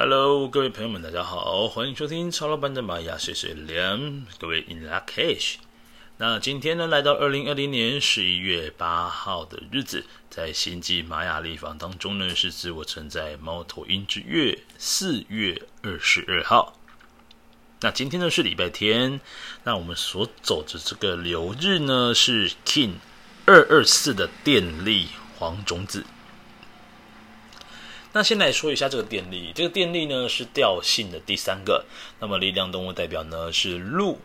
Hello，各位朋友們，大家好，歡迎收聽超老板的瑪雅碎碎念。各位 In lak’ech，那今天呢，來到二零二零年十一月八號的日子，在星際瑪雅曆法當中呢，是自我存在貓頭鷹之月四月二十二號。那今天呢是禮拜天，那我們所走的這個流日呢是 Kin 二二四的電力黃種子。那先來說一下這個電力，這個電力呢是調性的第三個，那麼力量動物代表呢是鹿，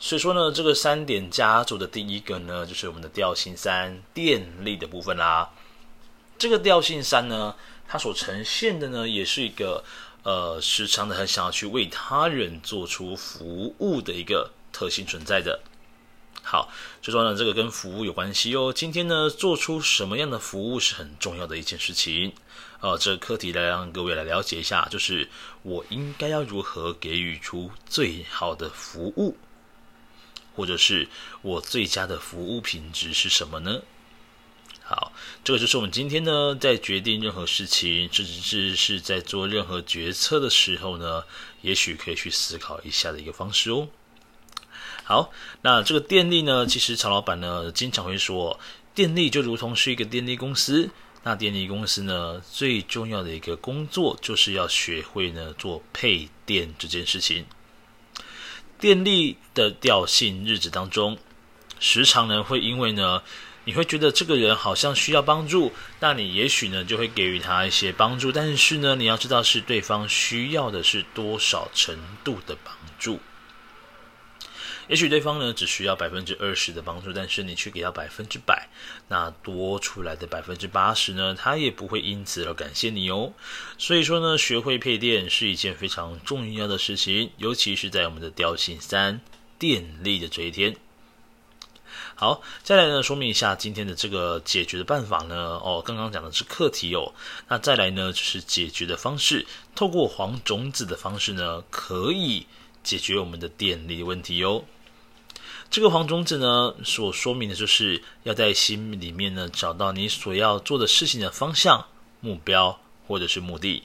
所以說呢這個三點家族的第一個呢就是我們的調性三電力的部分啦。這個調性三呢，它所呈現的呢也是一個，呃時常的很想要去為他人做出服務的一個特性存在的。好，就說呢，這個跟服務有關係哦。今天呢，做出什麼樣的服務是很重要的一件事情。哦、啊，這個課題來讓各位來了解一下，就是我應該要如何給予出最好的服務，或者是我最佳的服務品質是什麼呢？好，這個就是我們今天呢，在決定任何事情，甚至是，在做任何決策的時候呢，也許可以去思考一下的一個方式哦。好，那這個電力呢，其實曹老闆呢經常會說，電力就如同是一個電力公司。那電力公司呢最重要的一個工作，就是要學會呢做配電這件事情。電力的調性日子當中，時常呢會因為呢，你會覺得這個人好像需要幫助，那你也許呢就會給予他一些幫助。但是呢，你要知道是對方需要的是多少程度的幫助。也許對方呢只需要百分之二十的幫助，但是你去給他百分之百，那多出來的百分之八十呢，他也不會因此而感謝你哦。所以說呢，學會配電是一件非常重要的事情，尤其是在我們的調性三電力的這一天。好，再來呢，說明一下今天的這個解決的辦法呢。哦，剛剛講的是課題哦，那再來呢，就是解決的方式，透過黃種子的方式呢，可以解決我們的電力的問題哦。這個黃種子呢，所說明的就是要在心裡面呢找到你所要做的事情的方向、目標或者是目的。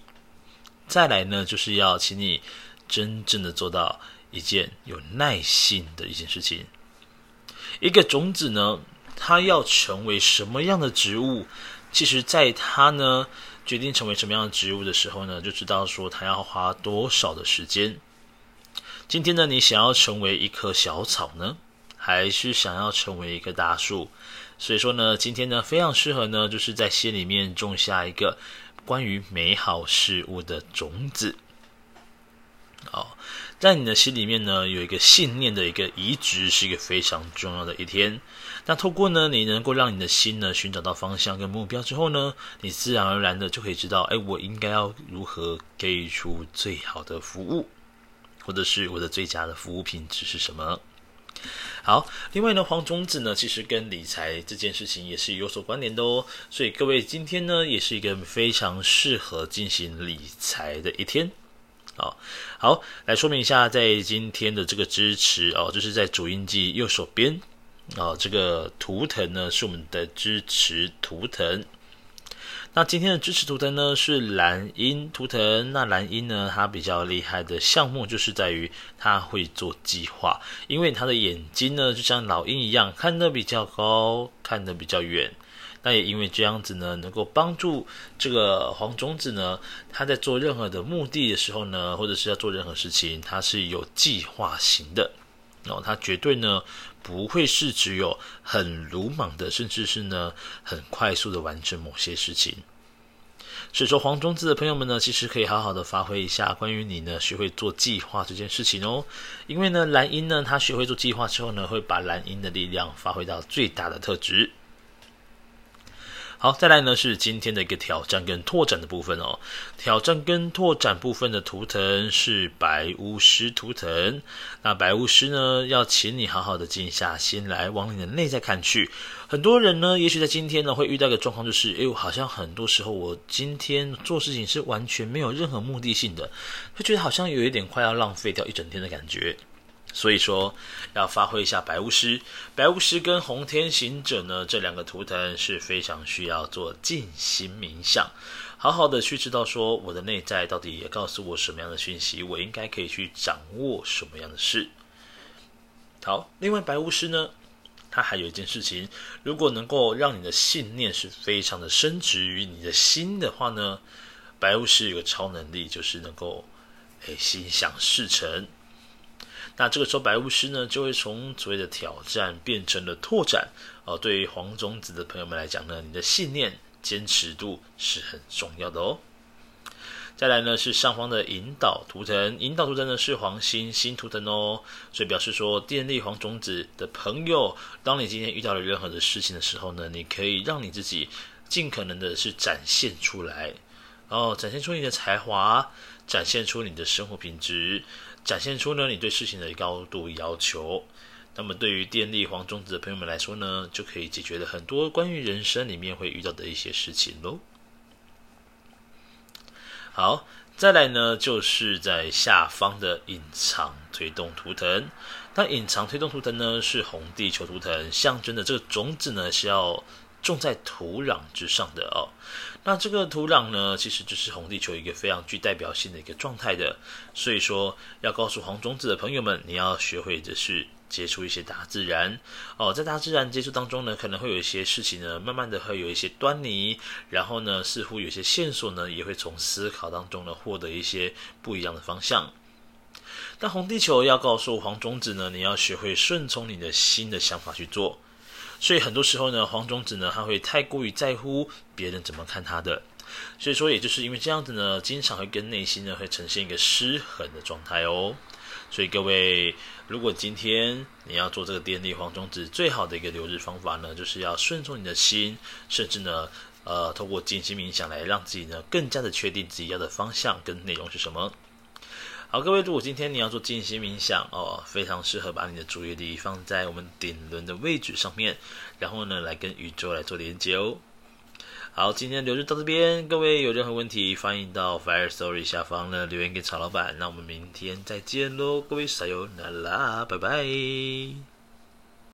再來呢，就是要請你真正的做到一件有耐性的一件事情。一個種子呢，它要成為什麼樣的植物，其實在它呢決定成為什麼樣的植物的時候呢，就知道說它要花多少的時間。今天呢，你想要成為一棵小草呢，還是想要成為一個大樹，所以說呢，今天呢非常適合呢，就是在心裡面種下一個關於美好事物的種子。好，在你的心裡面呢，有一個信念的一個移植是一個非常重要的一天。那透過呢，你能夠讓你的心呢尋找到方向跟目標之後呢，你自然而然的就可以知道，哎，我應該要如何給予出最好的服務，或者是我的最佳的服務品質是什麼。好，另外呢，黃種子呢，其實跟理財這件事情也是有所關聯的哦。所以各位今天呢，也是一個非常適合進行理財的一天，啊，好，來說明一下，在今天的這個支持哦，就是在主印記右手邊，哦，這個圖騰呢，是我們的支持圖騰。那今天的支持圖騰呢，是藍鷹圖騰。那藍鷹呢，它比較厲害的項目就是在於它會做計劃，因為它的眼睛呢就像老鷹一樣，看得比較高，看得比較遠。那也因為這樣子呢，能夠幫助這個黃種子呢，他在做任何的目的的時候呢，或者是要做任何事情，他是有計劃型的。哦，他絕對呢。不會是只有很魯莽的，甚至是呢很快速的完成某些事情。所以說黃種子的朋友們呢，其實可以好好的發揮一下關於你呢學會做計劃這件事情哦。因為呢藍鷹呢他，學會做計劃之後呢，會把藍鷹的力量發揮到最大的特質。好，再來呢是今天的一個挑戰跟拓展的部分哦。挑戰跟拓展部分的圖騰是白巫師圖騰。那白巫師呢，要請你好好的靜下心來，往你的內在看去。很多人呢，也許在今天呢會遇到一個狀況，就是哎呦，好像很多時候我今天做事情是完全沒有任何目的性的，會覺得好像有一點快要浪費掉一整天的感覺。所以說，要發揮一下白巫師、白巫師跟紅天行者呢，這兩個圖騰是非常需要做靜心冥想，好好的去知道說我的內在到底也告訴我什麼樣的訊息，我應該可以去掌握什麼樣的事。好，另外白巫師呢，他還有一件事情，如果能夠讓你的信念是非常的深植於你的心的話呢，白巫師有個超能力就是能夠誒、哎、心想事成。那這個時候，白巫師呢就會從所謂的挑戰變成了拓展哦、呃。對於黃種子的朋友們來講呢，你的信念、堅持度是很重要的哦。再來呢是上方的引導圖騰，引導圖騰呢是黃星星圖騰哦，所以表示說電力黃種子的朋友，當你今天遇到了任何的事情的時候呢，你可以讓你自己盡可能的是展現出來。哦，展現出你的才華，展現出你的生活品質，展現出呢你對事情的高度要求。那麼對於電力黃種子的朋友們來說呢，就可以解決了很多關於人生裡面會遇到的一些事情嘍。好，再來呢就是在下方的隱藏推動圖騰。那隱藏推動圖騰呢是紅地球圖騰，象徵著這個種子呢是要。種在土壤之上的哦，那這個土壤呢，其實就是紅地球一個非常具代表性的一個狀態的。所以說，要告訴黃種子的朋友們，你要學會的是接觸一些大自然哦，在大自然接觸當中呢，可能會有一些事情呢，慢慢的會有一些端倪，然後呢，似乎有些線索呢，也會從思考當中呢，獲得一些不一樣的方向。但紅地球要告訴黃種子呢，你要學會順從你的新的想法去做。所以很多時候呢，黃種子呢，他會太過於在乎別人怎麼看他的，所以說，也就是因為這樣子呢，經常會跟內心呢會呈現一個失衡的狀態哦。所以各位，如果今天你要做這個電力黃種子，最好的一個流日方法呢，就是要順從你的心，甚至呢，呃，透過靜心冥想來讓自己呢更加的確定自己要的方向跟內容是什麼。好，各位，如果今天你要做靜心冥想哦，非常適合把你的注意力放在我們頂輪的位置上面，然後呢，來跟宇宙來做連接哦。好，今天的流日到這邊，各位有任何問題，歡迎到 Fire Story 下方呢留言給曹老板。那我們明天再見嘍，各位撒有那拉，Sayonara, 拜拜。